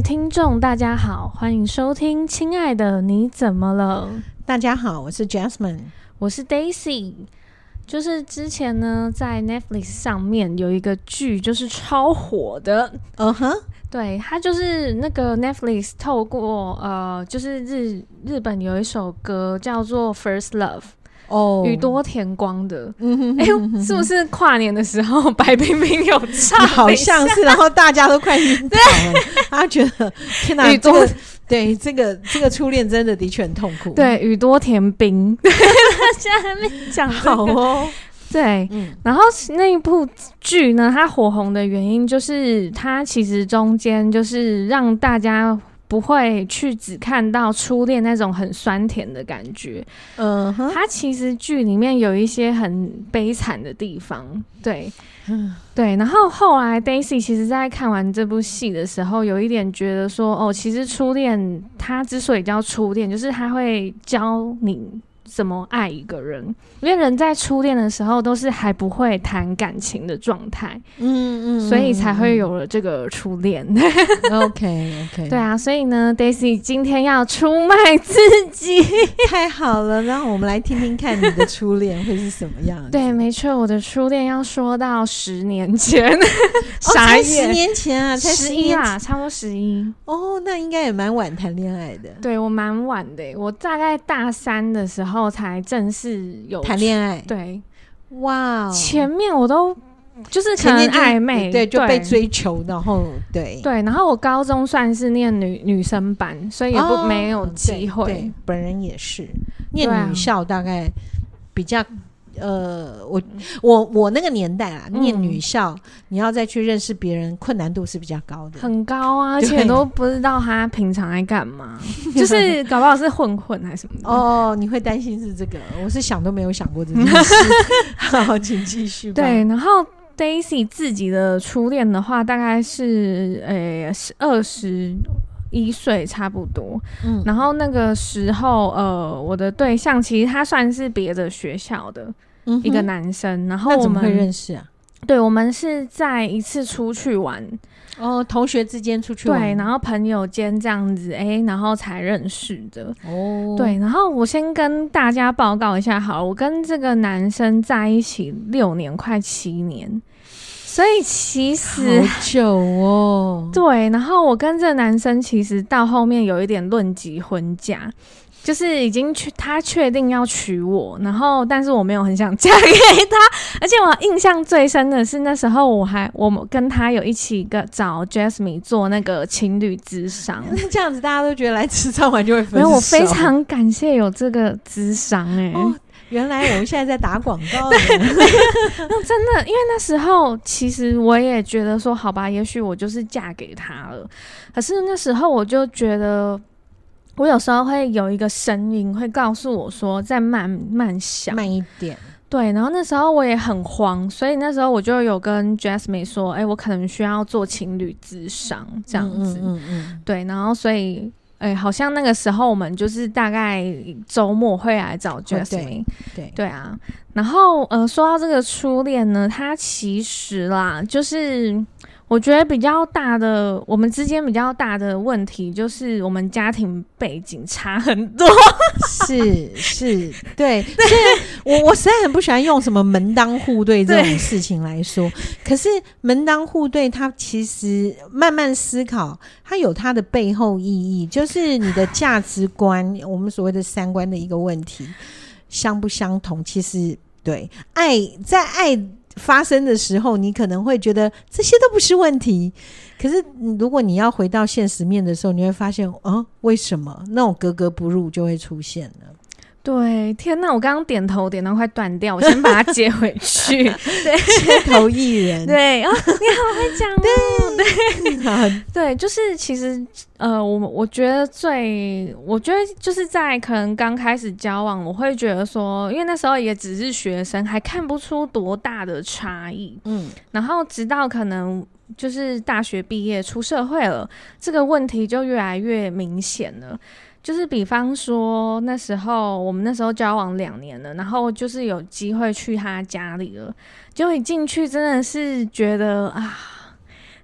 聽眾大家好，歡迎收聽《親愛的你怎麼了》。大家好，我是 Jasmine，我是 Daisy。就是之前呢，在 Netflix 上面有一個劇，就是超火的。嗯哼，對，它就是那個 Netflix 透過呃，就是日日本有一首歌叫做《First Love》。哦，宇多田光的，嗯哼，哎、欸嗯，是不是跨年的時候白冰冰有唱？好像是， 然後大家都快暈倒了，他覺得 天哪、啊，宇多對這個 對 這個初戀真的的確很痛苦。對，宇多田冰，對，現在還沒講好哦。對，嗯，然後那一部劇呢，它火紅的原因就是它其實中間就是讓大家。不會去只看到初戀那種很酸甜的感覺，嗯、uh-huh.，它其實劇裡面有一些很悲慘的地方，對，uh-huh. 對。然後後來 Daisy 其實，在看完這部戲的時候，有一點覺得說，哦，其實初戀它之所以叫初戀，就是它會教你。怎麼愛一個人？因為人在初戀的時候都是還不會談感情的狀態，嗯嗯，所以才會有了這個初戀。嗯、 OK OK，對啊，所以呢，Daisy 今天要出賣自己， 太好了！然後我們來聽聽看你的初戀會是什麼樣。 對，沒錯，我的初戀要說到十年前， 哦、十年前啊，才十一啦、啊，差不多十一。哦，那應該也蠻晚談戀愛的。對我蠻晚的、欸，我大概大三的時候。後才正式有談戀愛，對，哇、wow！前面我都就是很曖昧前面，對，就被追求，然後對對，然後我高中算是念女女生班，所以也不、oh, 沒有機會，對，對本人也是念女校，大概比較。呃，我我我那個年代啊，念女校，嗯、你要再去認識別人，困難度是比較高的，很高啊，而且都不知道他平常愛幹嘛， 就是搞不好是混混還是什麼的。哦，你會擔心是這個？我是想都沒有想過這件事。 好，請繼續吧。對，然後 Daisy 自己的初戀的話，大概是呃，二十一歲差不多。嗯，然後那個時候，呃，我的對象其實他算是別的學校的。一個男生，嗯、然後我們會認識啊？對，我們是在一次出去玩，哦，同學之間出去玩，對，然後朋友間這樣子，哎，然後才認識的。哦，對，然後我先跟大家報告一下好了，我跟這個男生在一起六年，快七年，所以其實好久哦。 對，然後我跟這個男生其實到後面有一點論及婚嫁。就是已經去他確定要娶我，然後但是我沒有很想嫁給他，而且我印象最深的是那時候我還我跟他有一起一個找 Jasmine 做那個情侶諮商，這樣子大家都覺得來諮商完就會分 沒有。我非常感謝有這個諮商哎、欸哦，原來我們現在在打廣告。 對 真的，因為那時候其實我也覺得說好吧，也許我就是嫁給他了，可是那時候我就覺得。我有時候會有一個聲音會告訴我說在：“再慢慢想，慢一點。”對，然後那時候我也很慌，所以那時候我就有跟 Jasmine 說：“哎、欸，我可能需要做情侶諮商這樣子。”嗯嗯，嗯對。然後所以，哎、欸，好像那個時候我們就是大概周末會來找 Jasmine、哦對。對對啊，然後呃，說到這個初戀呢，它其實啦，就是。我覺得比較大的，我們之間比較大的問題就是我們家庭背景差很多 是。是是，對。對。所以我我實在很不喜歡用什麼門當戶對這種事情來說。可是門當戶對，它其實慢慢思考，它有它的背後意義，就是你的價值觀， 我們所謂的三觀的一個問題相不相同。其實，對愛在愛發生的時候，你可能會覺得這些都不是問題。可是，如果你要回到現實面的時候，你會發現，啊，為什麼那種格格不入就會出現了？對，天哪！我剛剛點頭，點到快斷掉，我先把它接回去。 對，接頭藝人。對，哦、你好會講、哦。 對，對、嗯，對，就是其實，呃，我我覺得最，我覺得就是在可能剛開始交往，我會覺得說，因為那時候也只是學生，還看不出多大的差異。嗯，然後直到可能就是大學畢業出社會了，這個問題就越來越明顯了。就是比方說那時候我們那時候交往兩年了，然後就是有機會去他家裡了，結果一進去真的是覺得啊，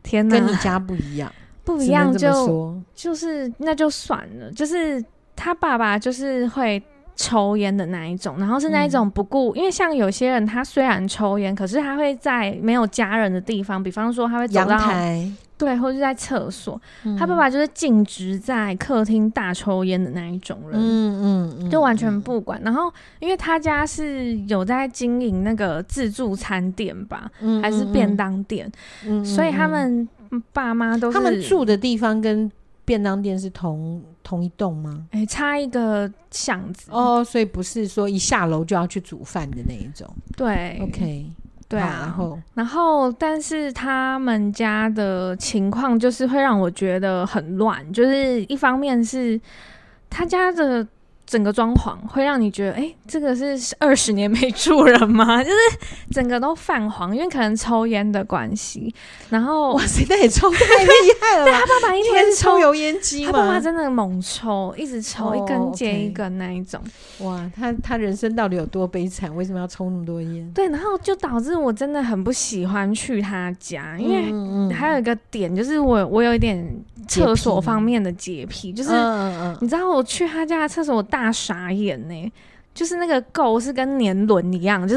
天哪！跟你家不一樣，不一樣就就是那就算了，就是他爸爸就是會抽菸的那一種，然後是那一種不顧、嗯，因為像有些人他雖然抽菸，可是他會在沒有家人的地方，比方說他會走到陽台。對，或者在廁所、嗯，他爸爸就是徑直在客廳大抽菸的那一種人，嗯嗯,嗯，就完全不管。嗯、然後，因為他家是有在經營那個自助餐店吧、嗯嗯嗯，還是便當店，嗯嗯、所以他們爸媽都是他們住的地方跟便當店是同同一棟嗎？哎、欸，差一個巷子哦，oh, 所以不是說一下樓就要去煮飯的那一種，對，OK。對啊，然後，但是他們家的情況就是會讓我覺得很亂，就是一方面是他家的。整個裝潢會讓你覺得，哎、欸，這個是二十年沒住了嗎？就是整個都泛黃，因為可能抽菸的關係。然後，哇塞，那也抽太厲害了！ 他爸爸一天抽，抽油煙機，他爸爸真的猛抽，一直抽一根接一根那一種。哇，他他人生到底有多悲慘？為什麼要抽那麼多菸？對，然後就導致我真的很不喜歡去他家，因為還有一個點就是我，我我有一點。廁所方面的潔癖，嗯，就是、嗯、你知道，我去他家的廁所，我大傻眼呢，欸嗯。就是那個垢是跟年輪一樣，就是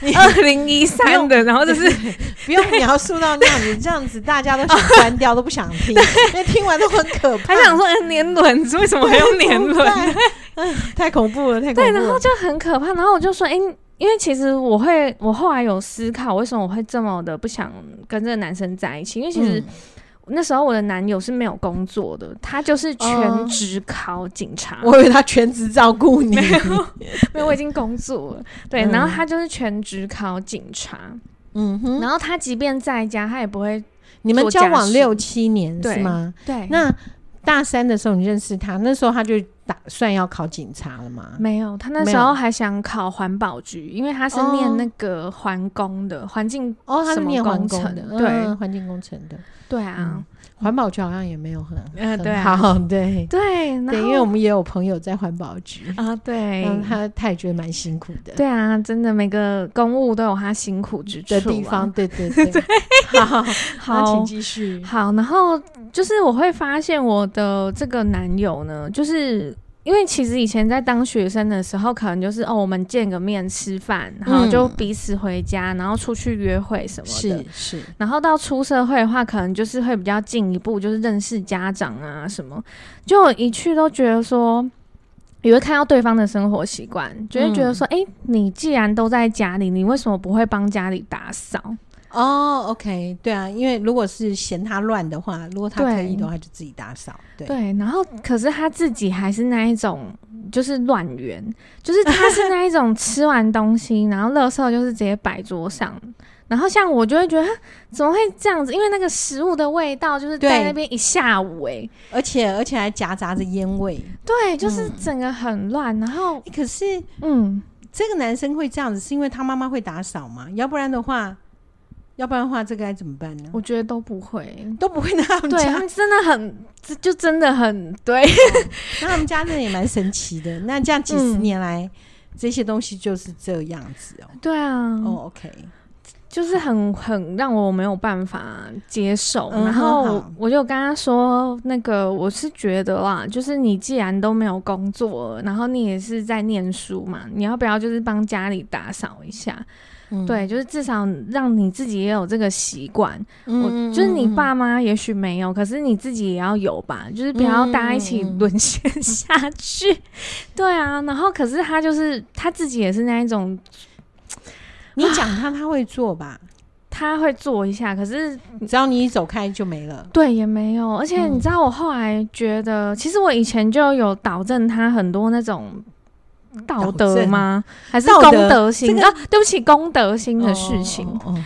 你哦，是二零一三用的，然後就是、欸欸欸，不用描述到那樣子，你這樣子大家都想關掉，哦、都不想聽，因為聽完都很可怕。還想說，哎，欸，年輪為什麼還用年輪，嗯？太恐怖了，太恐怖了。對，然後就很可怕。然後我就說，哎，欸，因為其實我會，我後來有思考，為什麼我會這麼的不想跟這個男生在一起？因為其實。嗯那時候我的男友是沒有工作的，他就是全職考警察。Oh, 我以為他全職照顧你，沒有，沒有，我已經工作了。對，嗯、然後他就是全職考警察。嗯哼，然後他即便在家，他也不會。你們交往六七年，是嗎？對。那大三的時候你認識他，那時候他就。打算要考警察了嗎？沒有，他那時候還想考環保局，因為他是念那個環工的環、哦、境哦，他是念環工的，對，環、嗯、境工程的，對啊。嗯環保局好像也沒有很、呃啊、很好，對對，對，因為我們也有朋友在環保局啊，對，他他也覺得蠻辛苦的。對啊，真的每個公務都有他辛苦之處、啊。的地方，對對對，對， 對，好好，請繼續。好，好然後就是我會發現我的這個男友呢，就是。因為其實以前在當學生的時候，可能就是哦，我們見個面吃飯，然後就彼此回家，然後出去約會什麼的。嗯、是是。然後到出社會的話，可能就是會比較進一步，就是認識家長啊什麼。就一去都覺得說，也會看到對方的生活習慣，就會覺得說，哎、嗯欸，你既然都在家裡，你為什麼不會幫家裡打掃？哦，OK，對啊，因為如果是嫌他亂的話，如果他可以的話，就自己打掃。對，然後可是他自己還是那一種，就是亂源，就是他是那一種吃完東西， 然後垃圾就是直接擺桌上。然後像我就會覺得怎麼會這樣子？因為那個食物的味道就是在那邊一下午誒、欸，而且而且還夾雜着煙味。對，就是整個很亂。然後、嗯欸、可是，嗯，這個男生會這樣子，是因為他媽媽會打掃嗎？要不然的話。要不然的話，這該怎麼辦呢？我覺得都不會，都不會那樣子。對，他們真的很，就真的很，對、哦。那他們家真的也蠻神奇的。 那這樣幾十年來、嗯，這些東西就是這樣子哦、喔。對啊。哦、oh，OK，就是很很讓我沒有辦法接受、嗯。然後我就跟他說，那個我是覺得啦，就是你既然都沒有工作，然後你也是在念書嘛，你要不要就是幫家裡打掃一下？嗯、對，就是至少讓你自己也有這個習慣、嗯。我就是你爸媽也許沒有、嗯，可是你自己也要有吧，就是不要大家一起淪陷下去。嗯、 對啊，然後可是他就是他自己也是那一種，你講他他會做吧，他會做一下，可是只要你，你一走開就沒了。對，也沒有。而且你知道，我後來覺得，其實我以前就有導正他很多那種。道德嗎？還是公德心？道德、這個、啊？對不起，公德心的事情。哦哦哦、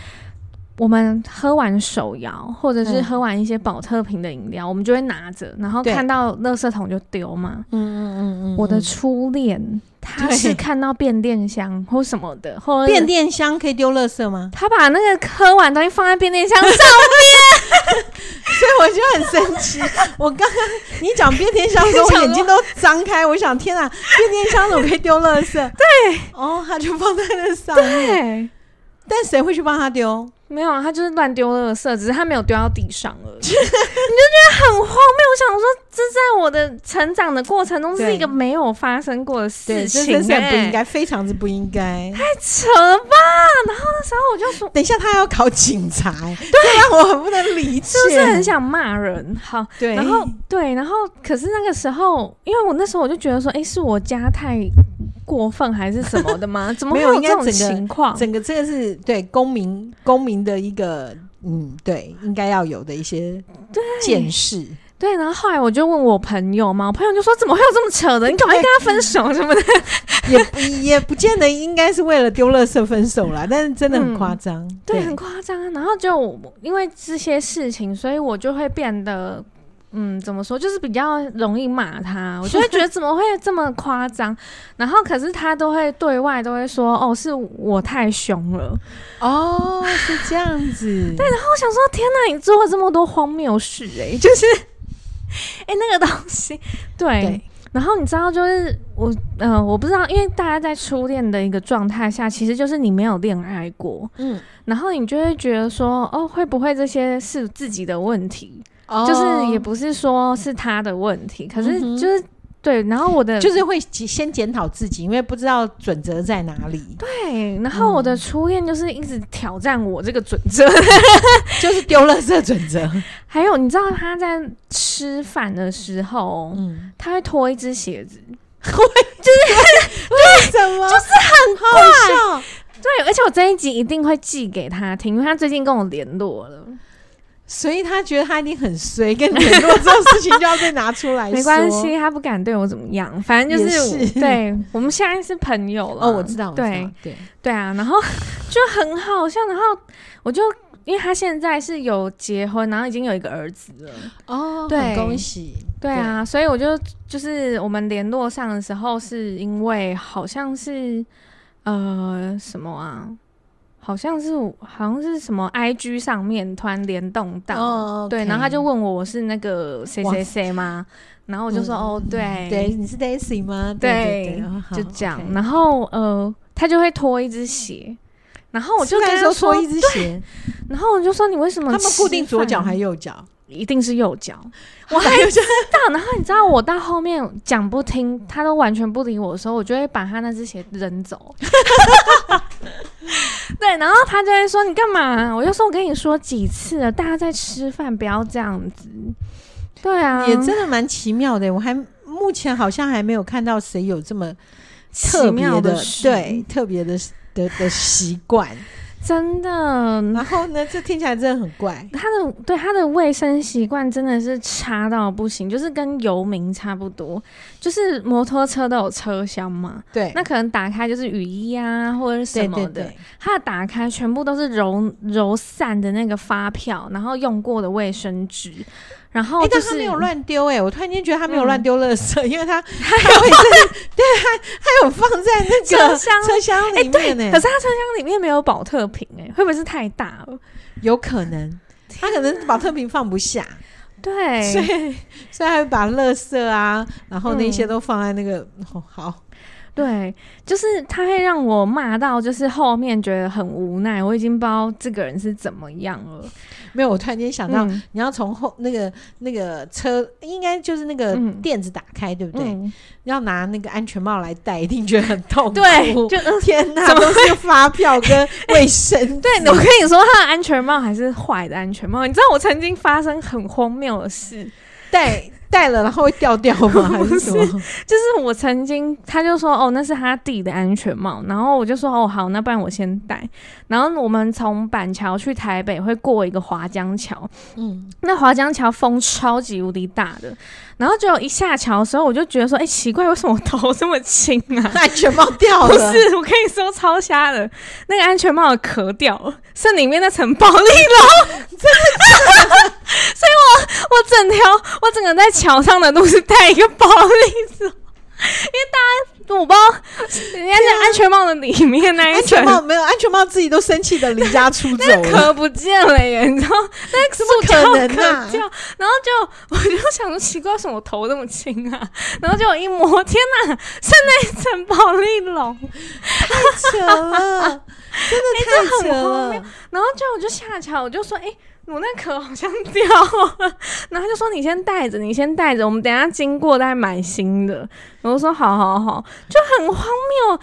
我們喝完手搖，或者是喝完一些寶特瓶的飲料、嗯，我們就會拿着，然後看到垃圾桶就丟嘛。嗯嗯嗯嗯。我的初戀，他是看到變電箱或什麼的，或變電箱可以丟垃圾嗎？他把那個喝完東西放在變電箱上。 所以我就很神奇， 我剛剛你講變天箱的時候， 我眼睛都張開，我想天哪，變天箱子我可以丟垃圾？對，哦、oh，他就放在那上面，但誰會去幫他丟？沒有、啊，他就是亂丟垃圾，只是他沒有丟到地上而已， 你就覺得很荒謬。我想說，這在我的成長的過程中是一個沒有發生過的事情，真的不應該、欸，非常之不應該。太扯了吧！然後那時候我就說，等一下他要考警察，對啊，我很不能理解，就是，是很想罵人。好，對，然後對，然後可是那個時候，因為我那時候我就覺得說，哎、欸，是我家太。過分還是什麼的嗎？怎麼會有這種情況？ 整個這個是對公民公民的一個嗯，對應該要有的一些見識對。對，然後後來我就問我朋友嘛，我朋友就說：“怎麼會有這麼扯的？你趕快跟他分手什麼的，嗯嗯，也不也不見得應該是為了丟垃圾分手啦，但是真的很誇張，嗯，對，很誇張。然後就因為這些事情，所以我就會變得。”嗯，怎麼說？就是比較容易罵他，我就會覺得怎麼會這麼誇張？ 然後可是他都會對外都會說：“哦，是我太凶了。”哦，是這樣子。 對，然後我想說：“天哪，你做了這麼多荒謬事、欸！”哎，就是，哎、欸，那個東西。對，對然後你知道，就是我，呃，我不知道，因為大家在初戀的一個狀態下，其實就是你沒有戀愛過，嗯，然後你就會覺得說：“哦，會不會這些是自己的問題？” Oh, 就是也不是說是他的問題，可是就是、mm -hmm. 對。然後我的就是會先檢討自己，因為不知道準則在哪裡。對，然後我的初戀就是一直挑戰我這個準則，嗯、 就是丟了這準則。 還有，你知道他在吃飯的時候，嗯，他會脫一隻鞋子， 就是為什麼， 就是 就是、 就是很壞 對，而且我這一集一定會寄給他聽，因為他最近跟我聯絡了。所以他覺得他一定很衰，跟聯絡這種事情就要被拿出來說 沒關係，他不敢對我怎麼樣，反正就是，是對，我們現在是朋友了。哦，我知道，知道對對啊，然後就很好笑，然後我就因為他現在是有結婚，然後已經有一個兒子了哦，很恭喜，對啊，所以我就就是我們聯絡上的時候，是因為好像是呃什麼啊。好像是好像是什麼 IG 上面突然聯動到，oh, okay. 對，然後他就問我，我是那個誰誰誰嗎？然後我就說，嗯、哦對對，你是 Daisy 嗎？對對對，對就這樣。Okay. 然後呃，他就會脫一只鞋，嗯，然後我就那時候脫一只鞋，然後我就說，你為什麼？他們固定左腳還是右腳？一定是右腳。我還有知道， 然後你知道我到後面講不聽，他都完全不理我的時候，我就會把他那只鞋扔走。 對，然後他就會說：“你幹嘛？”我就說：“我跟你說幾次了，大家在吃飯，不要這樣子。”對啊，也真的蠻奇妙的。我還目前好像還沒有看到誰有這麼特別奇妙的對，特別的的的習慣。 真的，然後呢？這聽起來真的很怪。他的對他的衛生習慣真的是差到不行，就是跟遊民差不多。就是摩托車都有車廂嘛，對，那可能打開就是雨衣啊，或者是什麼的，對對對。他的打開全部都是揉揉散的那個發票，然後用過的衛生紙。 然後、就是欸，但是他沒有亂丟哎，我突然間覺得他沒有亂丟垃圾、嗯，因為他他還會在 對他他有放在那個車廂裡面呢、欸欸。可是他車廂裡面沒有保特瓶哎，欸，會不會是太大了？有可能，他可能是保特瓶放不下。啊、對，所以所以還會把垃圾啊，然後那些都放在那個、哦、好。對，就是他會讓我罵到，就是後面覺得很無奈，我已經不知道這個人是怎麼樣了。沒有，我突然間想到，嗯、你要從後那個那個車，應該就是那個墊子打開、嗯，對不對？嗯、你要拿那個安全帽來戴，一定覺得很痛苦。對，就、呃、天哪，怎麼會有發票跟衛生、欸？對我跟你說，他的安全帽還是壞的安全帽。你知道我曾經發生很荒謬的事，對。戴了然後會掉掉嗎？不 是，就是我曾經他就說哦，那是他弟的安全帽，然後我就說哦好，那不然我先戴。然後我們從板橋去台北會過一個華江橋，嗯，那華江橋風超級無敵大的，然後就一下橋的時候我就覺得說哎、欸、奇怪，為什麼我頭這麼輕啊？ 那安全帽掉了，不是，我跟你說超瞎的，那個安全帽的殼掉了，剩裡面那層保麗龍， 真的。 所以我我整條我整個在橋上的都是戴一個保麗龍，因為大家我不知道人家在安全帽的裡面，啊、那一安全帽沒有安全帽自己都生氣的離家出走了，殼不見了耶，你知道？那是不可，可，可能啊？然後就我就想說奇怪，什麼頭這麼輕啊？然後就一摸，天吶、啊，是那一層保麗龍，太扯了， 真的太扯了、欸很。然後就我就下橋，我就說，誒、欸。我那殼好像掉了，然後就說你先帶着，你先帶着，我們等一下經過再買新的。我就說好，好，好，就很荒謬，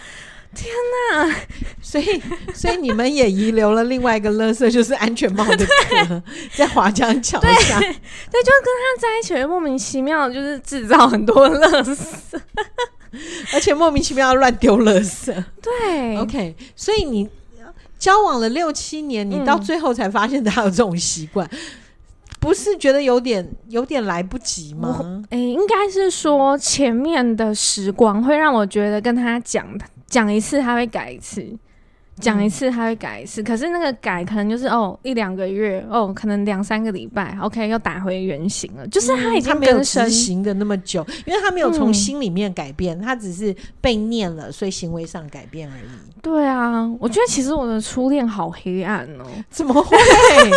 天哪！所以，所以你們也遺留了另外一個垃圾， 就是安全帽的殼， 在華江橋下。對，對，就跟他在一起，莫名其妙就是制造很多垃圾，而且莫名其妙亂丟垃圾。對，OK，所以你。交往了六七年，你到最後才發現他有這種習慣。嗯，不是覺得有點有點來不及嗎？誒、欸，應該是說前面的時光會讓我覺得跟他講講一次，他會改一次。講、嗯、一次他會改一次，可是那個改可能就是哦一兩個月哦，可能兩三個禮拜，OK 又打回原形了、嗯。就是他已經更他沒有執行的那麼久，因為他沒有從心裡面改變、嗯，他只是被念了，所以行為上改變而已。對啊，我覺得其實我的初戀好黑暗哦、喔，怎麼會？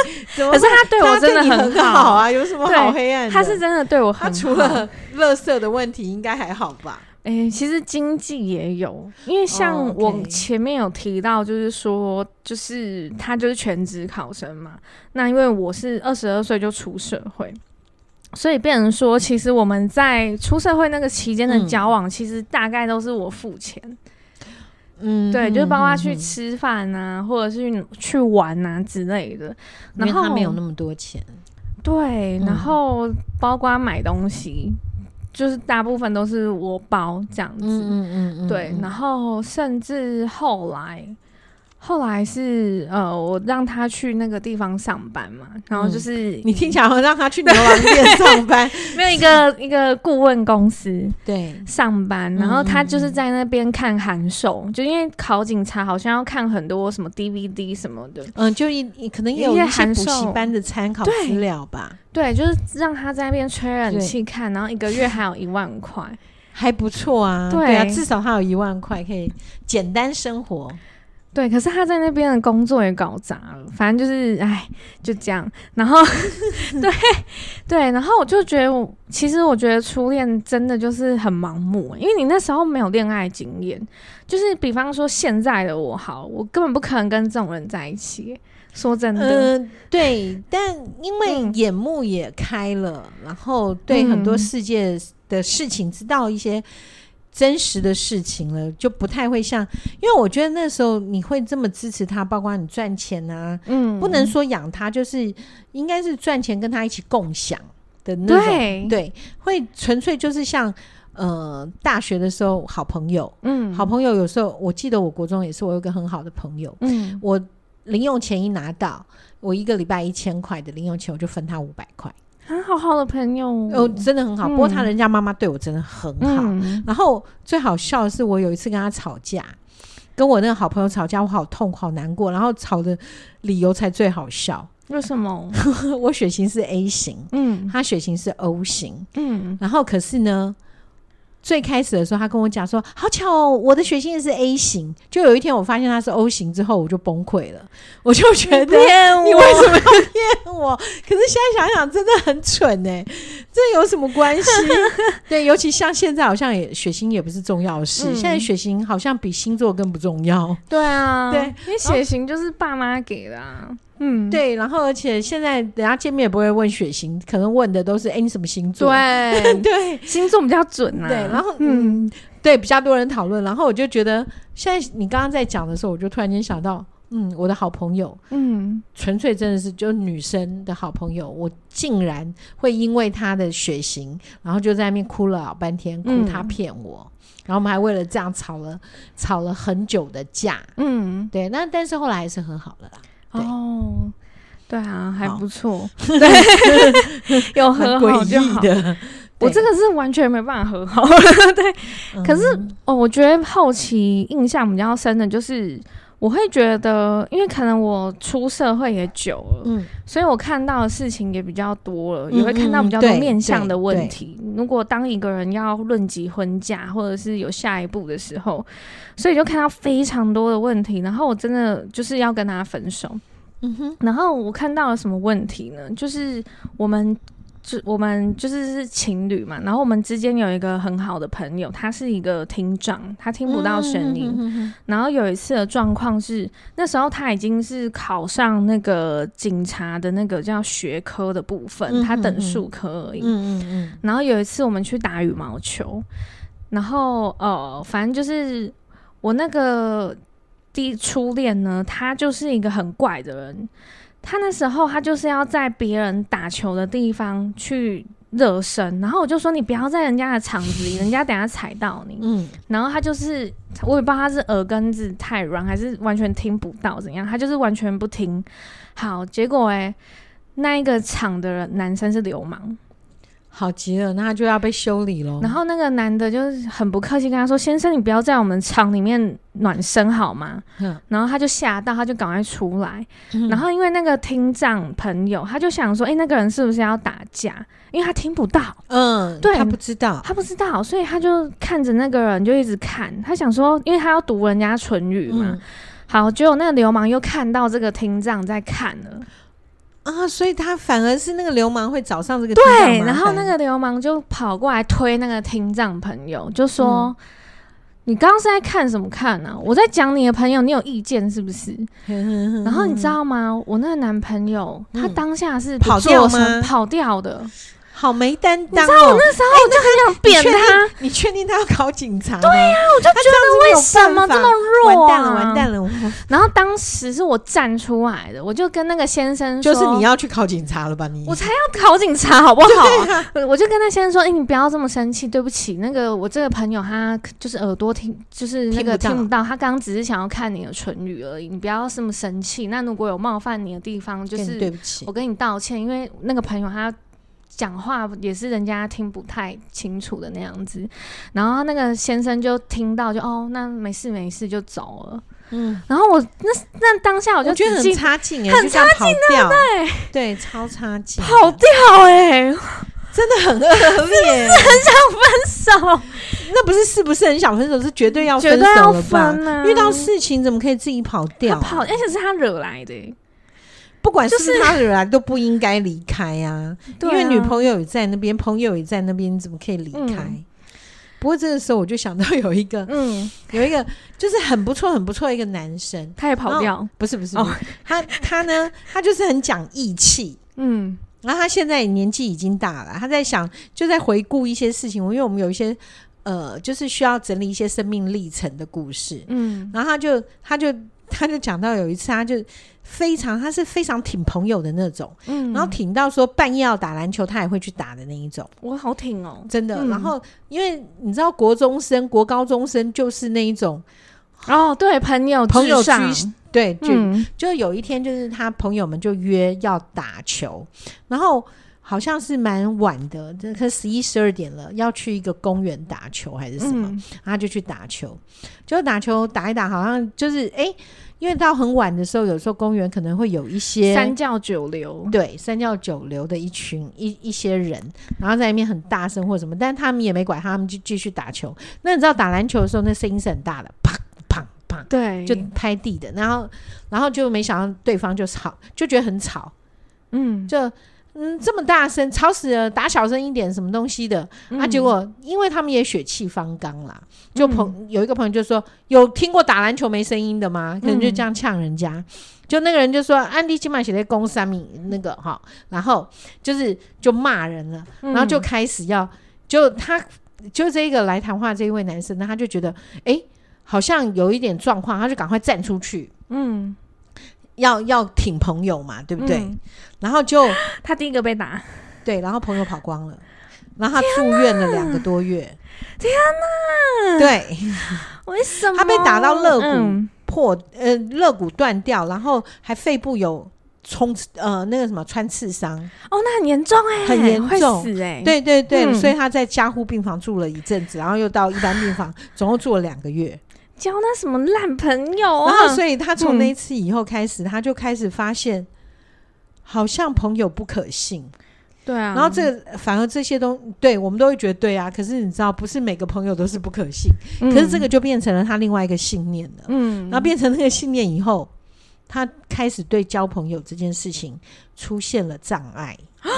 怎麼會 可是他對我真的很好，很好啊，有什麼好黑暗？他是真的對我好，他除了垃圾的問題應該還好吧。誒、欸，其實經濟也有，因為像我前面有提到，就是說，就是他就是全職考生嘛。那因為我是二十二歲就出社會、哦 okay，所以變成說，其實我們在出社會那個期間的交往，其實大概都是我付錢。嗯，對，就是包括去吃飯啊、嗯，或者是去玩啊之類的然後，因為他沒有那麼多錢。對，然後包括買東西。嗯就是大部分都是我包這樣子，嗯，嗯，嗯嗯對，然後甚至後來。後來是呃，我讓他去那個地方上班嘛，然後就是，嗯、你聽起來好像讓他去牛郎店上， 上班，沒有，一個一個顧問公司對，上班，然後他就是在那邊看函授，嗯，就因為考警察好像要看很多什麼 DVD 什麼的，嗯，就一可能也有一些補習班的參考資料吧對，對，就是讓他在那邊吹冷氣看，然後一個月還有一萬塊，還不錯啊對，對啊，至少還有一萬塊可以簡單生活。對，可是他在那邊的工作也搞砸了，反正就是，哎，就這樣。然後， 對，對，然後我就覺得我，我其實我覺得初戀真的就是很盲目，因為你那時候沒有戀愛經驗。就是比方說現在的我，好，我根本不可能跟這種人在一起。說真的，嗯、呃，對，但因為眼目也開了、嗯，然後對很多世界的事情知道一些。真實的事情了，就不太會像，因為我覺得那時候你會這麼支持他，包括你賺錢啊，嗯，不能說養他，就是應該是賺錢跟他一起共享的那種，對，對，會純粹就是像，呃，大學的時候好朋友，嗯，好朋友有時候我記得，我國中也是，我有個很好的朋友，嗯，我零用錢一拿到，我一個禮拜一千塊的零用錢，我就分他五百塊。啊，好好的朋友哦，真的很好、嗯。不過他人家媽媽對我真的很好。嗯、然後最好笑的是，我有一次跟他吵架，跟我那個好朋友吵架，我好痛，好難過。然後吵的理由才最好笑，為什麼？ 我血型是 A 型，嗯，他血型是 O 型，嗯，然後可是呢。最開始的時候，他跟我講說，好巧、喔，我的血型也是 A 型。就有一天，我發現他是 O 型之後，我就崩潰了，我就覺得你，你為什麼要騙我？ 可是現在想想，真的很蠢呢、欸。這有什麼關係？ 對，尤其像現在，好像也血型也不是重要的事、嗯。現在血型好像比星座更不重要。對啊，對，因為血型就是爸媽給的。啊。」嗯，對，然後而且現在人家見面也不會問血型，可能問的都是哎，你什麼星座？對 對，星座比較準啊。對，然後嗯，嗯，對，比較多人討論。然後我就覺得，現在你剛剛在講的時候，我就突然間想到，嗯，我的好朋友，嗯，純粹真的是就女生的好朋友，我竟然會因為她的血型，然後就在那邊哭了老半天，哭她騙我、嗯，然後我們還為了這樣吵了吵了很久的架。嗯，對，那但是後來還是和好了啦。哦，oh, 對啊，還不錯， 對，有和好就好 的。我這個是完全沒辦法和好 對。可是、嗯、哦，我覺得後期印象比較深的就是。我會覺得，因為可能我出社會也久了，嗯，所以我看到的事情也比較多了，嗯，也會看到比較多面向的問題。如果當一個人要論及婚嫁，或者是有下一步的時候，所以就看到非常多的問題。然後我真的就是要跟他分手，嗯哼，然後我看到了什麼問題呢？就是我們。就我們就是是情侶嘛，然後我們之間有一個很好的朋友，他是一個聽障，他聽不到聲音，嗯嗯嗯嗯。然後有一次的狀況是，那時候他已經是考上那個警察的那個叫學科的部分，他等數科而已，嗯嗯嗯嗯嗯。然後有一次我們去打羽毛球，然後呃，反正就是我那個第一初戀呢，他就是一個很怪的人。他那時候，他就是要在別人打球的地方去熱身，然後我就說，你不要在人家的場子裡， 人家等下踩到你。嗯，然後他就是我也不知道他是耳根子太軟還是完全聽不到怎樣，他就是完全不聽。好，結果哎、欸，那一個場的人男生是流氓。好極了，那就要被修理嘍。然後那個男的就是很不客氣跟他說：“先生，你不要在我們廠裡面暖身好嗎？”嗯、然後他就嚇到，他就趕快出來、嗯。然後因為那個聽障朋友，他就想說：“哎、欸，那個人是不是要打架？因為他聽不到，嗯，對，他不知道，他不知道，所以他就看着那個人就一直看，他想說，因為他要讀人家唇語嘛、嗯。好，結果那個流氓又看到這個聽障在看了。”啊，所以他反而是那個流氓會找上這個。對，然後那個流氓就跑過來推那個聽障朋友，就說：“嗯、你剛剛是在看什麼看啊？我在講你的朋友，你有意見是不是？” 然後你知道嗎？我那個男朋友、嗯、他當下是跑掉跑掉的。好沒擔當、喔！你知道我那時候我就很想扁他、欸他。你確定，定他要考警察？對呀、啊，我就覺得為什麼這麼弱、啊？完蛋了，完蛋了！然後當時是我站出來的，我就跟那個先生說：“就是你要去考警察了吧你？”你我才要考警察，好不好、啊？我就跟那個先生說：“哎、欸，你不要這麼生氣，對不起，那個我這個朋友他就是耳朵聽，就是那個聽不到，不到他剛只是想要看你的唇語而已，你不要這麼生氣。那如果有冒犯你的地方，就是對不起，我跟你道歉，因為那個朋友他。”講話也是人家聽不太清楚的那樣子，然後那個先生就聽到就哦，那沒事沒事就走了。嗯，然後我那那當下我就我覺得很差勁、欸、很差勁哎，對，超差勁，跑掉哎、欸，真的很惡劣，是不是很想分手。 那不是是不是很想分手，是絕對要分手了分、啊、遇到事情怎麼可以自己跑掉、啊？他跑，而且是他惹來的、欸。不管是，不是他的人都不應該離開呀、啊，就是對啊，因為女朋友也在那邊，朋友也在那邊，你怎麼可以離開？嗯、不過這個時候我就想到有一個，嗯，有一個就是很不錯、很不錯的一個男生，他也跑掉，不是不是，不是、哦 他，他他呢，他就是很講義氣，嗯，然後他現在年紀已經大了，他在想，就在回顧一些事情，因為我們有一些呃，就是需要整理一些生命歷程的故事，嗯，然後他就他就。他就講到有一次，他就非常，他是非常挺朋友的那種，嗯，然後挺到說半夜要打籃球，他也會去打的那一種。我好挺哦，真的。然後因為你知道，國中生、國高中生就是那一種，哦，對，朋友、朋友至上，對，就就有一天，就是他朋友們就約要打球，然後。好像是蠻晚的，這可十一十二點了，要去一個公園打球還是什麼，嗯，他就去打球，就打球打一打，好像就是哎、欸，因為到很晚的時候，有時候公園可能會有一些三教九流，對，三教九流的一群一一些人，然後在那邊很大聲或什麼，但他們也沒管，他們就繼續打球。那你知道打籃球的時候，那聲音是很大的，砰砰砰，對，就拍地的，然後然後就沒想到對方就吵，就覺得很吵，嗯，就。嗯，這麼大聲吵死了，打小聲一點，什麼東西的？嗯、啊，結果因為他們也血氣方剛啦，就朋、嗯、有一個朋友就說：“有聽過打籃球沒聲音的嗎？”可能就這樣嗆人家、嗯。就那個人就說：“安迪起碼寫在公三米那個哈。”然後就是就罵人了，然後就開始要、嗯、就他就這一個來談話這一位男生，他就覺得哎、欸，好像有一點狀況，他就趕快站出去。嗯。要要挺朋友嘛，對不對？嗯、然後就他第一個被打，對，然後朋友跑光了，然後他住院了兩個多月。天哪！對，為什麼他被打到肋骨破、嗯，呃，肋骨斷掉，然後還肺部有衝，呃，那個什麼穿刺傷？哦，那很嚴重哎、欸，很嚴重，會死欸、對對對、嗯，所以他在加護病房住了一陣子，然後又到一般病房，總共住了兩個月。交那什麼爛朋友、啊、然後所以他從那次以後開始、嗯，他就開始發現，好像朋友不可信。對啊，然後這個反而這些都對我們都會覺得對啊。可是你知道，不是每個朋友都是不可信、嗯。可是這個就變成了他另外一個信念了。嗯，然後變成那個信念以後，他開始對交朋友這件事情出現了障礙。啊、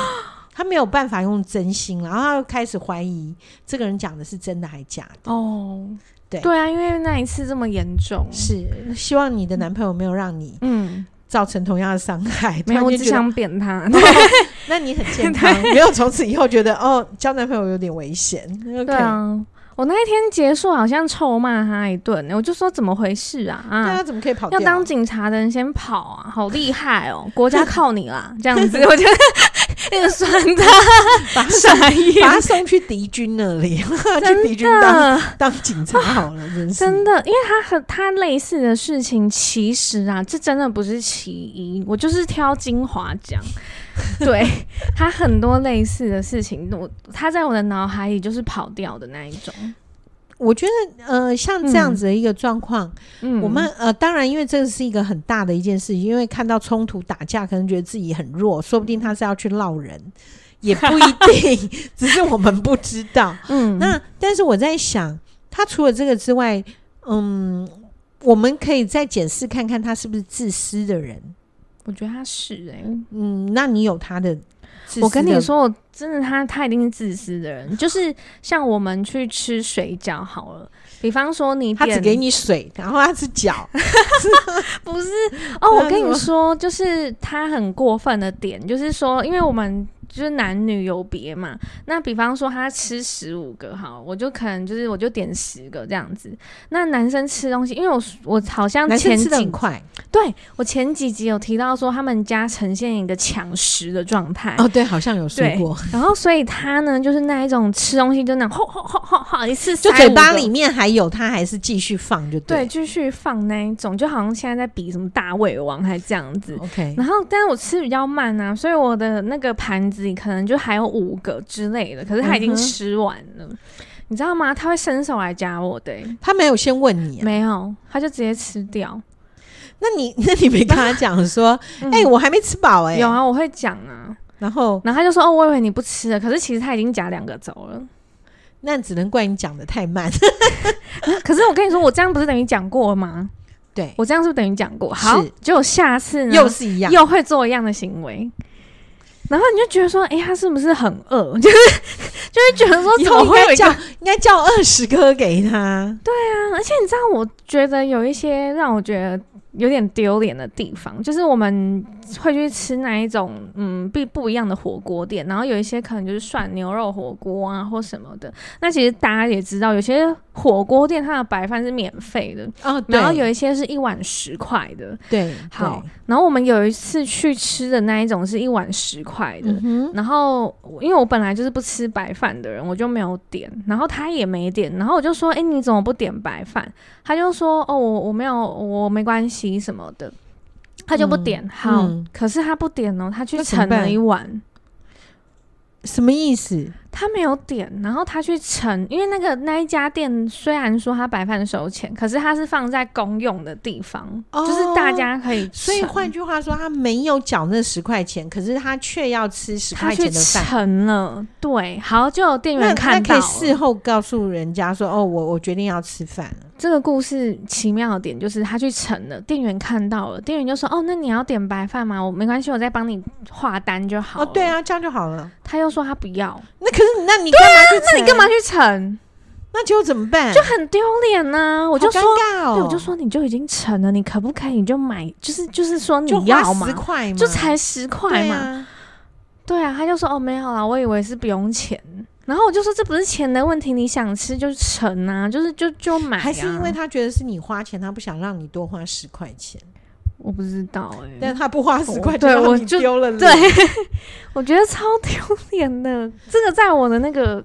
他沒有辦法用真心，然後他又開始懷疑這個人講的是真的還是假的。哦。對，對啊，因為那一次這麼嚴重，是希望你的男朋友沒有讓你嗯，造成同樣的傷害。沒、嗯、有、嗯，我只想扁他。 那你很健康，沒有從此以後覺得 哦，交男朋友有點危險。對啊，okay，我那一天結束好像臭罵他一頓，我就說怎麼回事啊啊，對啊！怎麼可以跑？要當警察的人先跑啊！好厲害哦，國家靠你啦！ 這樣子，我覺得。 真的，把他送去敵軍那裡， 去敵軍當當警察好了，真真的。因為他很，他類似的事情，其實啊，這真的不是其一。我就是挑精華講， 對，他很多類似的事情，我他在我的腦海裡就是跑掉的那一種。我覺得，呃，像這樣子的一個狀況、嗯嗯，我們呃，當然，因為這個是一個很大的一件事情，因為看到衝突打架，可能覺得自己很弱，說不定他是要去烙人，也不一定， 只是我們不知道。嗯，那但是我在想，他除了這個之外，嗯，我們可以再檢視看看他是不是自私的人。我覺得他是、欸，哎，嗯，那你有他的？我跟你說，真的他，他他一定是自私的人。 就是像我們去吃水餃好了，比方說你他只給你水， 然後他吃餃， 不是哦？ 有有我跟你說，就是他很過分的點，就是說，因為我們。就是男女有別嘛，那比方說他吃十五個哈，我就可能就是我就點十個這樣子。那男生吃東西，因為我我好像前幾集，吃得很快，對，我前幾集有提到說他們家呈現一個搶食的狀態哦，對，好像有說過。然後所以他呢，就是那一種吃東西就那樣，吼吼吼吼好一次塞，就嘴巴裡面還有他還是繼續放就對，對，繼續放那一種，就好像現在在比什麼大胃王還這樣子。OK，然後但是我吃比較慢啊，所以我的那個盤子。你可能就還有五個之類的，可是他已經吃完了，嗯、你知道嗎？他會伸手來夾我對，他沒有先問你，沒有，他就直接吃掉。那你那你沒跟他講說，哎、 嗯欸，我還沒吃飽哎、欸。有啊，我會講啊。然後，然後他就說，哦，我以為你不吃了。可是其實他已經夾兩個走了。那只能怪你講得太慢。 可是我跟你說，我這樣不是等於講過了嗎？對，我這樣是不是等於講過？好，就下次呢又是一樣，又會做一樣的行為。然後你就覺得說，哎、欸，他是不是很餓？就是就會、是、覺得說應，以後應該叫，應該叫二十顆給他。對啊，而且你知道，我覺得有一些讓我覺得有點丟臉的地方，就是我們。會去吃那一種，嗯，不不一樣的火鍋店，然後有一些可能就是涮牛肉火鍋啊或什麼的。那其實大家也知道，有些火鍋店它的白飯是免費的，哦，對。然後有一些是一碗十塊的，對。好，對，然後我們有一次去吃的那一種是一碗十塊的，然後因為我本來就是不吃白飯的人，我就沒有點，然後他也沒點，然後我就說，哎、欸，你怎麼不點白飯？他就說，哦，我我沒有，我沒關係什麼的。他就不點、嗯、好、嗯，可是他不點哦，他去盛了一碗。什麼意思？他沒有點，然後他去盛，因為那個那一家店雖然說他白飯收錢，可是他是放在公用的地方，哦、就是大家可以。所以換句話說，他沒有繳那十塊錢，可是他卻要吃十塊錢的飯。盛了，對，好，就有店員看到了。那他可以事後告訴人家說：“哦，我我決定要吃飯了。”這個故事奇妙的點就是他去盛了，店員看到了，店員就說：“哦，那你要點白飯嗎？我沒關係，我再幫你劃單就好了。哦，對啊，這樣就好了。他又說他不要。那可是，那你干嘛去、啊、那你幹嘛去盛？那就怎麼辦？就很丟臉吶！我就說，哦、對我就說，你就已經盛了，你可不可以你就買？就是就是說你要嘛，就、十就才十塊嘛對、啊。對啊，他就說：“哦，沒有啦，我以為是不用錢。”然後我就說這不是錢的問題，你想吃就成啊，就是就就買、啊。還是因為他覺得是你花錢，他不想讓你多花十塊錢。我不知道哎、欸，但他不花十塊錢，我就丟了，對 我覺得超丟臉的。這個在我的那個，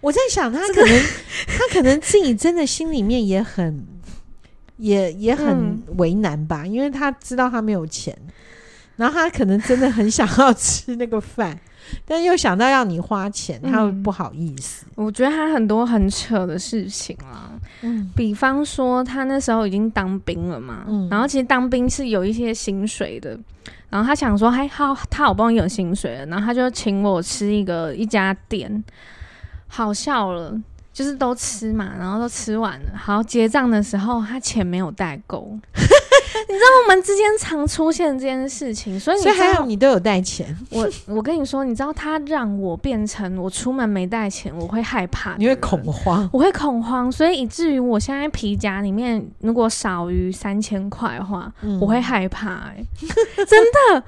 我在想他可能、這個、他可能自己真的心裡面也很也也很為難吧、嗯，因為他知道他沒有錢，然後他可能真的很想要吃那個飯。但又想到要你花錢，他會不好意思、嗯。我覺得他很多很扯的事情啦，嗯，比方說他那時候已經當兵了嘛、嗯，然後其實當兵是有一些薪水的，然後他想說還好他好不容易有薪水了，然後他就請我吃一個一家店，好笑了，就是都吃嘛，然後都吃完了，好結賬的時候他錢沒有帶夠。 你知道我們之間常出現這件事情，所以你，所以還有你都有帶錢。我我跟你說，你知道他讓我變成我出門沒帶錢，我會害怕，你會恐慌，我會恐慌，所以以至於我現在皮夾裡面如果少於三千塊的話，嗯，我會害怕，欸。哎， 真的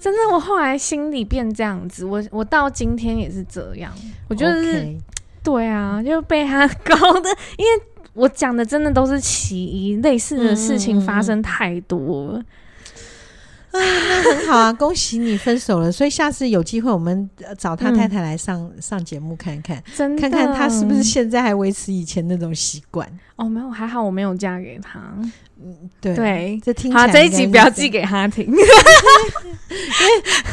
真的，我後來心裡變這樣子，我我到今天也是這樣，我覺得，就是，okay. 對啊，就被他搞的，因為。我講的真的都是其一，類似的事情發生太多了。嗯嗯嗯嗯 啊、那很好啊！恭喜你分手了，所以下次有機會我們找他太太來上、嗯、上節目看看真的，看看他是不是現在還維持以前那種習慣。哦，沒有，還好我沒有嫁給他。嗯，對，對這聽起來好、啊、這一集不要寄給他聽，因 為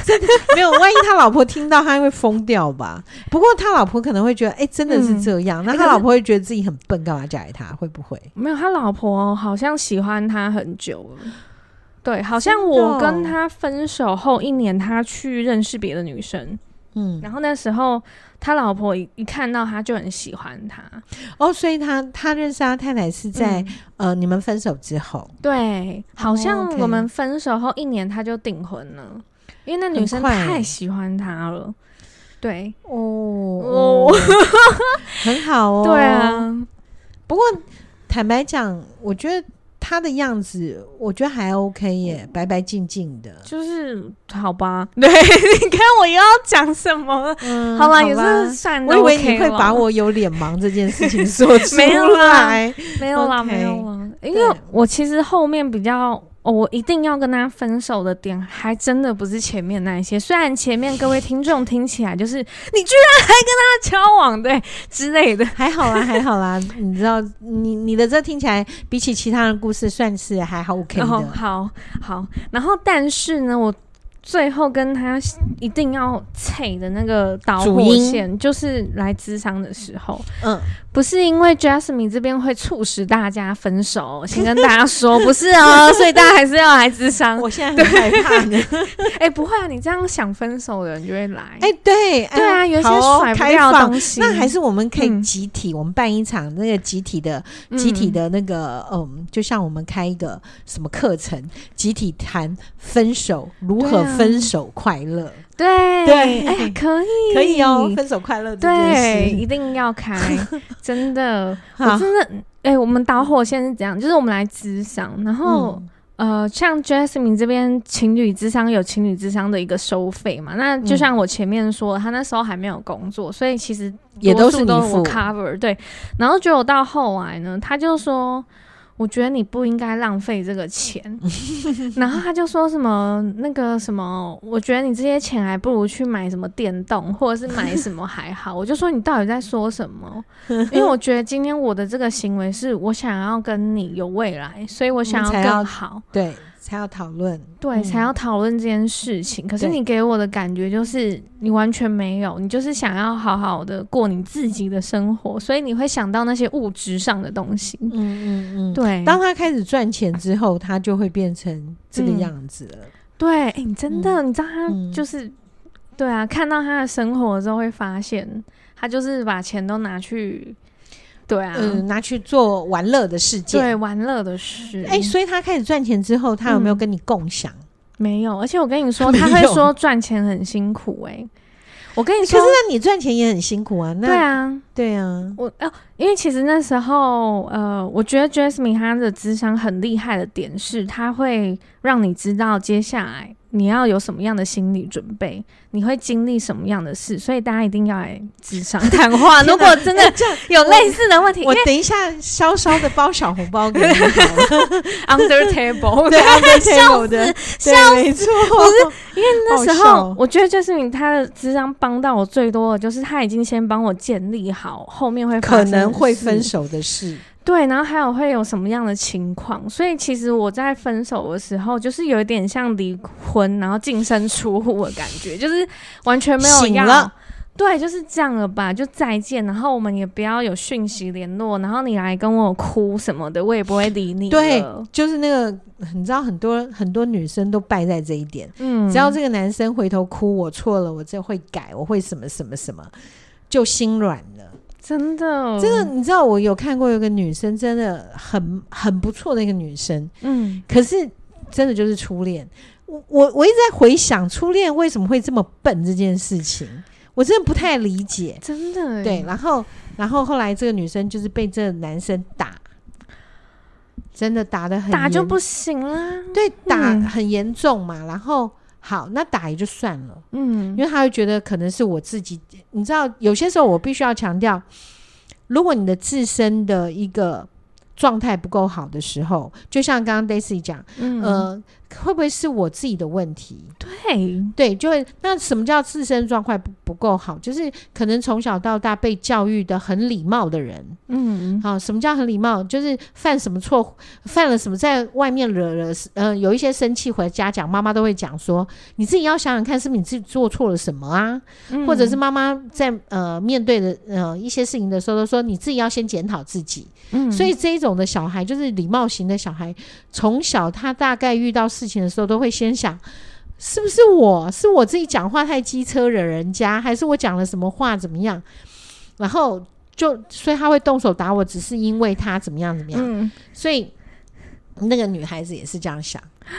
真的沒有，萬一他老婆聽到，他會瘋掉吧？不過他老婆可能會覺得，哎、欸，真的是這樣、嗯，那他老婆會覺得自己很笨，幹嘛嫁給他？會不會、欸？沒有，他老婆好像喜歡他很久了。對，好像我跟他分手後一年，他去認識別的女生，嗯，然後那時候他老婆一看到他就很喜歡他，哦，所以他他認識他太太是在、嗯、呃你們分手之後，對，好像我們分手後一年他就訂婚了、哦 okay，因為那女生太喜歡他了，對，哦哦， 很好哦，對啊，不過坦白講，我覺得。他的樣子，我覺得還 OK 耶，嗯、白白淨淨的，就是好吧？對，你看我又要講什麼？嗯，好了，也是、OK，我以為你會把我有臉盲這件事情說出來， 沒有啦，沒有啦、okay，沒有啦，沒有啦。因為我其實後面比較。哦、我一定要跟他分手的點，還真的不是前面那一些。雖然前面各位聽眾聽起來就是 你居然還跟他交往對之類的，還好啦，還好啦。 你知道，你你的這聽起來比起其他的故事，算是還好 OK、哦、好好好，然後但是呢，我最後跟他一定要扯的那個導火線，就是來諮商的時候，嗯。不是因為 Jasmine 這邊會促使大家分手，先跟大家說不是哦、喔， 所以大家還是要來諮商。我現在很害怕呢。哎， 欸、不會啊，你這樣想分手的人就會來。哎、欸，對，對啊，欸、有些甩不掉東西。那還是我們可以集體、嗯，我們辦一場那個集體的、集體的那個，嗯，就像我們開一個什麼課程，集體談分手，如何分手快樂。對哎、欸，可以可以哦，分手快樂、就是、對，一定要開， 真的，可是呢，哎、欸，我們導火線是怎樣？就是我們來諮商，然後、嗯、呃，像 Jasmine 這邊情侶諮商有情侶諮商的一個收費嘛？那就像我前面說，他、嗯、那時候還沒有工作，所以其實也都是我 cover 對。然後結果到後來呢，他就說。我覺得你不應該浪費這個錢， 然後他就說什麼那個什麼，我覺得你這些錢還不如去買什麼電動，或者是買什麼還好。 我就說你到底在說什麼？因為我覺得今天我的這個行為是我想要跟你有未來，所以我想要更好。對。才要討論，對，嗯、才要討論這件事情，嗯。可是你給我的感覺就是，你完全沒有，你就是想要好好的過你自己的生活，所以你會想到那些物質上的東西。嗯嗯嗯，對。當他開始賺錢之後，啊，他就會變成這個樣子了。嗯、對，哎，欸，你真的、嗯，你知道他就是、嗯，對啊，看到他的生活之後，會發現他就是把錢都拿去。對啊，嗯，拿去做玩樂的事件，對玩樂的事。哎、欸，所以他開始賺錢之後，他有沒有跟你共享、嗯？沒有，而且我跟你說，他會說賺錢很辛苦、欸。哎，我跟你說，其實那你賺錢也很辛苦啊？那。對啊，對啊。我哦、呃，因為其實那時候，呃，我覺得 Jasmine 他的智商很厲害的點是，他會讓你知道接下來。你要有什麼樣的心理準備？你會經歷什麼樣的事？所以大家一定要來諮商談話。 天哪 如果真的有類似的問題，我，我等一下稍稍的包小紅包給你們。 Under table，對 ，Under table 的 笑死對 笑死，對，沒錯 。因為那時候， 我覺得就是你他的諮商幫到我最多的就是他已經先幫我建立好後面會可能會分手的事。對，然後還有會有什麼樣的情況？所以其實我在分手的時候，就是有一點像離婚，然後淨身出戶的感覺，就是完全沒有要了。對，就是這樣了吧？就再見，然後我們也不要有訊息聯絡，然後你來跟我哭什麼的，我也不會理你。對，就是那個，你知道，很多很多女生都敗在這一點。嗯，只要這個男生回頭哭，我錯了，我就會改，我會什麼什麼什麼，就心軟了。真的、哦，真的，你知道我有看過有個女生，真的很很不錯的一個女生，嗯，可是真的就是初戀，我我我一直在回想初戀為什麼會這麼笨這件事情，我真的不太理解，真的對，然後然後後來這個女生就是被這個男生打，真的打得很，打就不行啦，對，嗯、打很嚴重嘛，然後。好，那打也就算了，嗯，因為他會覺得可能是我自己，你知道，有些時候我必須要強調，如果你的自身的一個狀態不夠好的時候，就像剛剛 Daisy 講，嗯。呃會不會是我自己的問題？對對，就會，那什麼叫自身狀況不不夠好？就是可能從小到大被教育的很禮貌的人，嗯好，啊，什麼叫很禮貌？就是犯什麼錯，犯了什麼，在外面惹了呃，有一些生氣，回家講，媽媽都會講說，你自己要想想看是不是你自己做錯了什麼啊？嗯、或者是媽媽在呃面對的呃一些事情的時候，都說你自己要先檢討自己。嗯，所以這一種的小孩就是禮貌型的小孩，從小他大概遇到。事情的時候都會先想，是不是我是我自己講話太機車惹人家，還是我講了什麼話怎麼樣？然後就所以他會動手打我，只是因為他怎麼樣怎麼樣，嗯、所以那個女孩子也是這樣想。嗯、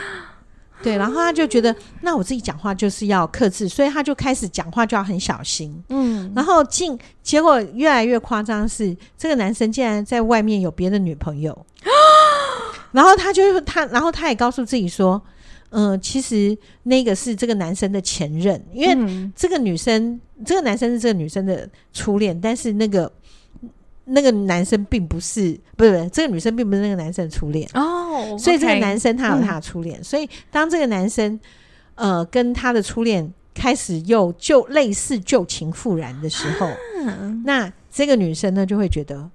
對，然後他就覺得，那我自己講話就是要克制，所以他就開始講話就要很小心。嗯，然後進結果越來越誇張，是這個男生竟然在外面有別的女朋友然後他就是他，然後他也告訴自己說：“嗯、呃，其實那個是這個男生的前任，因為這個女生，嗯、這個男生是這個女生的初戀，但是那個那個男生並不是，不是不是，這個女生並不是那個男生的初戀哦、okay。所以這個男生他有他的初戀，嗯、所以當這個男生呃跟他的初戀開始又舊類似舊情復燃的時候，嗯、啊，那這個女生呢就會覺得。”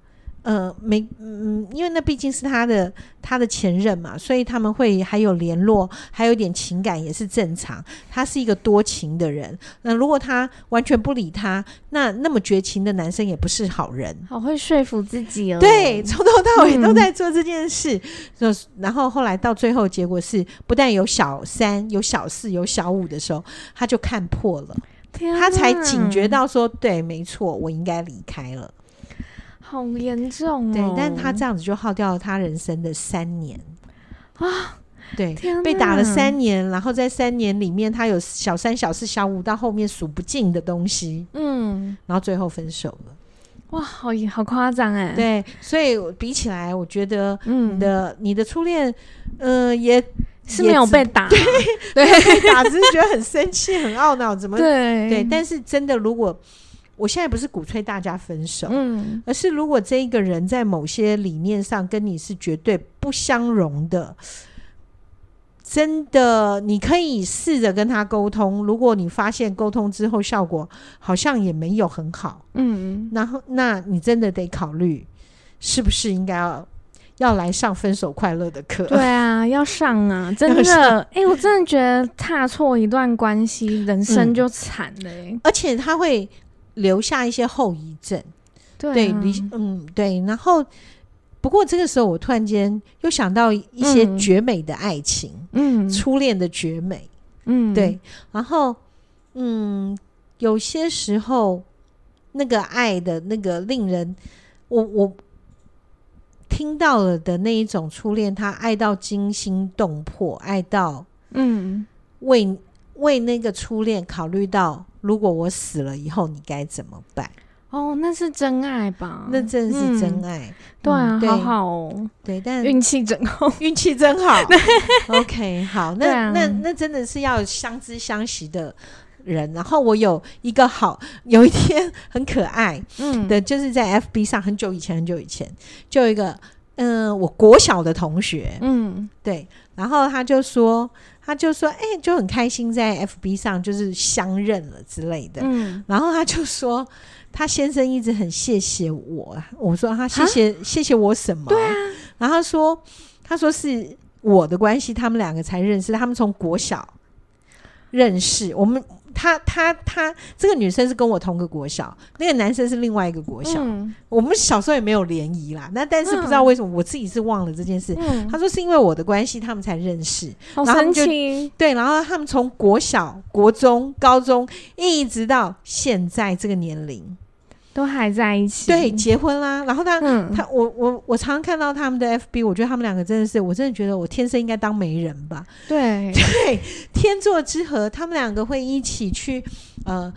呃，沒，嗯，因為那畢竟是他的他的前任嘛，所以他們會還有聯絡，還有點情感也是正常。他是一個多情的人，那如果他完全不理他，那那麼絕情的男生也不是好人。好會說服自己哦，對，從頭到尾都在做這件事。就、嗯、然後後來到最後，結果是不但有小三、有小四、有小五的時候，他就看破了，天啊，他才警覺到說，對，沒錯，我應該離開了。好嚴重哦！對，但他這樣子就耗掉了他人生的三年啊，哦！對，被打了三年，然後在三年裡面，他有小三、小四、小五，到後面數不盡的東西。嗯，然後最後分手了。哇，好好誇張哎！對，所以比起來，我覺得你的、嗯、你的初戀，嗯、呃，也是沒有被打，對， 對，被打只是覺得很生氣、 很懊惱，怎麼對？對，但是真的如果。我現在不是鼓吹大家分手，嗯，而是如果這一個人在某些理念上跟你是絕對不相容的，真的，你可以試着跟他溝通。如果你發現溝通之後效果好像也沒有很好，嗯，然後那你真的得考慮是不是應該要要來上分手快樂的課？對啊，要上啊，真的。哎，欸，我真的覺得踏錯一段關係，人生就慘了，欸。嗯。而且他會。留下一些後遺症，對你、啊，嗯，對。然後，不過這個時候，我突然間又想到一些絕美的愛情，嗯，初戀的絕美，嗯，對。然後，嗯，有些時候，那個愛的那個令人，我我聽到了的那一種初戀，他愛到驚心動魄，愛到，嗯，為。為那個初戀考慮到，如果我死了以後，你該怎麼辦？哦，那是真愛吧？那真的是真愛，嗯嗯、對啊對，好好哦，對，但運氣真好，運 氣真好。 OK，好，那、啊、那那，那真的是要相知相惜的人。然後我有一個好，有一天很可愛的，嗯，的就是在 FB 上，很久以前，很久以前，就有一個嗯、呃，我國小的同學，嗯，對，然後他就說。他就說：“哎，就很開心在 FB 上就是相認了之類的。”嗯，然後他就說：“他先生一直很謝謝我。”我說：“他謝謝謝謝我什麼？”啊，然後他說：“他說是我的關係，他們兩個才認識。他們從國小認識我們。”他他他，這個女生是跟我同個國小，那個男生是另外一個國小，嗯、我們小時候也沒有聯誼啦。那但是不知道為什麼、嗯，我自己是忘了這件事。他、嗯、說是因為我的關係，他們才認識，嗯、然後就、好神奇、對，然後他們從國小、國中、高中一直到現在這個年齡，都還在一起，對，結婚啦。然後他、嗯，他，我，我，我常常看到他們的 FB，我覺得他們兩個真的是，我真的覺得我天生應該當媒人吧。對，對，天作之合，他們兩個會一起去，呃，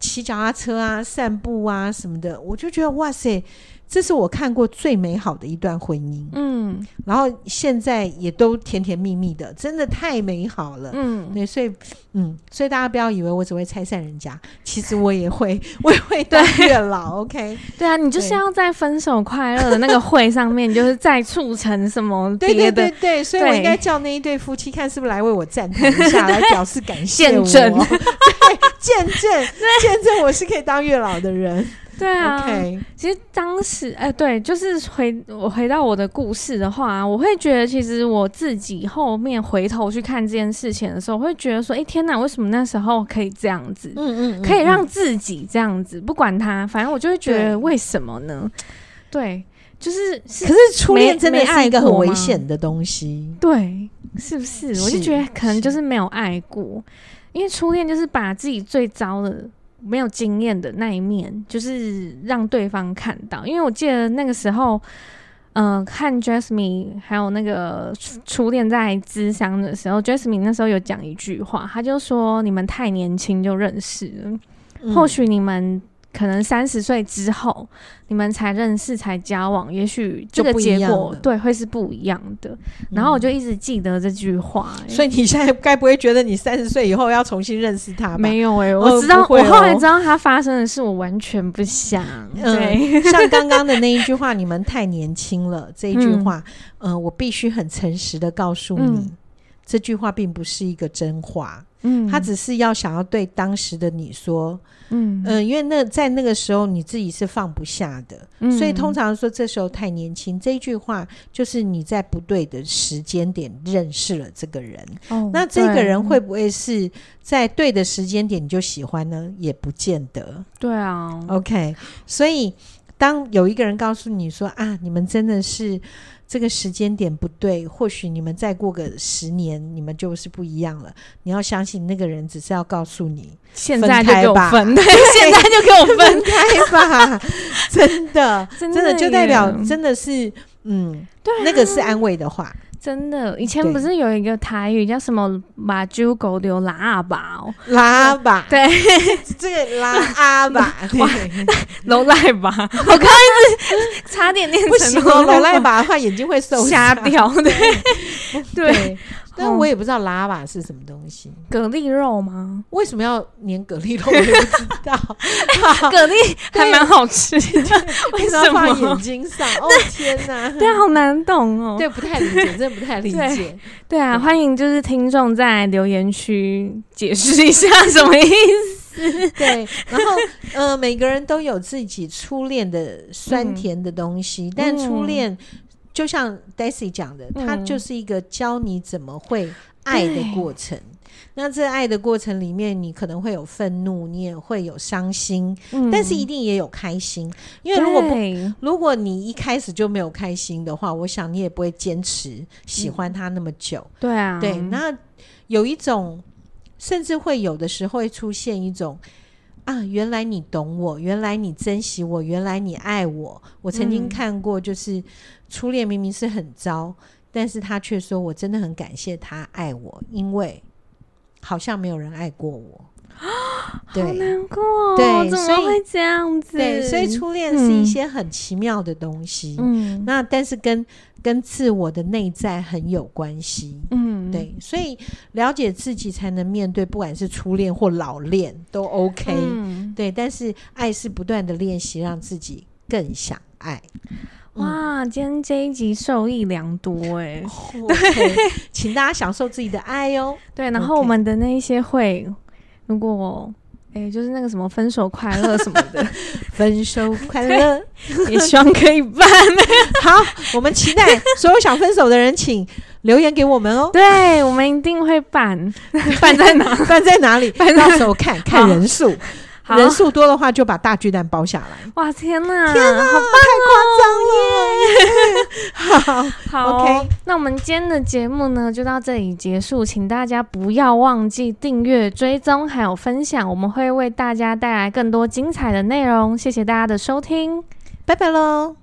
騎腳踏車啊，散步啊什麼的，我就覺得哇塞。這是我看過最美好的一段婚姻，嗯，然後現在也都甜甜蜜蜜的，真的太美好了，嗯，對，所以，嗯，所以大家不要以為我只會拆散人家，其實我也會，我也會當月老對，OK？對啊，你就是要在分手快樂的那個會上面， 就是在促成什麼？對,對對對對，所以我應該叫那一對夫妻看是不是來為我贊同一下，來表示感謝我對，見證， 對見證對，見證我是可以當月老的人。對啊，okay. 其實當時，哎、欸，對，就是回我回到我的故事的話、啊，我會覺得，其實我自己後面回頭去看這件事情的時候，我會覺得說，哎、欸，天哪，為什麼那時候可以這樣子？嗯嗯,嗯嗯，可以讓自己這樣子，不管他，反正我就會覺得為什麼呢？對，對就是,是可是初戀真的是一個很危險的東西，對，是不是？我就覺得可能就是沒有愛過，因為初戀就是把自己最糟的。沒有經驗的那一面，就是讓對方看到。因為我記得那個時候，嗯、呃，看 Jasmine 還有那個初戀在知香的時候，Jasmine 那時候有講一句話，她就說：“你們太年輕就認識了，嗯、或許你們。”可能三十歲之後，你們才認識才交往，也許這個結果對會是不一樣的，嗯。然後我就一直記得這句話，欸，所以你現在該不會覺得你三十歲以後要重新認識他吧？沒有哎，欸喔，我知道，我後來知道他發生的事，我完全不想。 對，嗯，像剛剛的那一句話“ 你們太年輕了”這一句話，嗯，嗯我必須很誠實地告訴你，嗯，這句話並不是一個真話。嗯，他只是要想要對當時的你說，嗯嗯，呃，因為那在那個時候你自己是放不下的，嗯，所以通常說這時候太年輕，這句話就是你在不對的時間點認識了這個人，哦，那這個人會不會是在對的時間點你就喜歡呢？也不見得，對啊，OK，所以。當有一個人告訴你說：“啊，你們真的是這個時間點不對，或許你們再過個十年，你們就是不一樣了。”你要相信那個人只是要告訴你，現在就給我分，分開吧，現在就給我分開吧，真的，真的，真的就代表真的是，嗯，對啊、那個是安慰的話。真的，以前不是有一個台語叫什麼“馬豬狗的拉吧，哦，拉吧，對，對 這個拉、啊、吧，爸 剛、 哦 會， 對，老賴我剛剛一直差點念錯，老賴吧的話眼睛會瞎掉，對。對對。但我也不知道 lava 是什麼東西，蛤蜊肉嗎？為什麼要粘蛤蜊肉？我都不知道， 蛤蜊還蠻好吃的為，為什麼要放眼睛上？哦天哪、啊！對，好難懂哦，對，不太理解，真的不太理解。 對，對啊對，歡迎就是聽眾在留言區解釋一下什麼意思。對，然後呃，每個人都有自己初戀的酸甜的東西，嗯、但初戀。嗯就像 Daisy 講的，他、嗯、就是一個教你怎麼會愛的過程。那在愛的過程裡面，你可能會有憤怒，你也會有傷心、嗯，但是一定也有開心。因為如果不如果你一開始就沒有開心的話，我想你也不會堅持喜歡他那麼久、嗯。對啊，對。那有一種，甚至會有的時候會出現一種。啊！原來你懂我，原來你珍惜我，原來你愛我。我曾經看過，就是初戀明明是很糟，嗯、但是他卻說我真的很感謝他愛我，因為好像沒有人愛過我。啊，對好難過、喔，對，所以會這樣子。對，所以初戀是一些很奇妙的東西。嗯，那但是跟跟自我的內在很有關係。嗯。對，所以了解自己才能面對，不管是初戀或老練都 OK、嗯。對，但是愛是不斷的練習，讓自己更想愛。哇，嗯、今天這一集受益良多哎、欸！Okay, 請大家享受自己的愛喲、哦。對，然後我們的那些會，okay、如果哎、欸，就是那個什麼分手快樂什麼的， 分手快樂、okay、也希望可以辦。 好，我們期待所有想分手的人，請留言給我們哦，對，我們一定會辦。辦在哪？辦在哪裡？ 辦在哪裡辦，到時候看 看，看人數，人數多的話就把大巨蛋包下來。哇，天哪、啊，天哪、啊，好棒哦！太誇張了耶 好好、哦，OK。那我們今天的節目呢就到這裡結束，請大家不要忘記訂閱、追蹤還有分享，我們會為大家帶來更多精彩的內容。謝謝大家的收聽，拜拜嘍。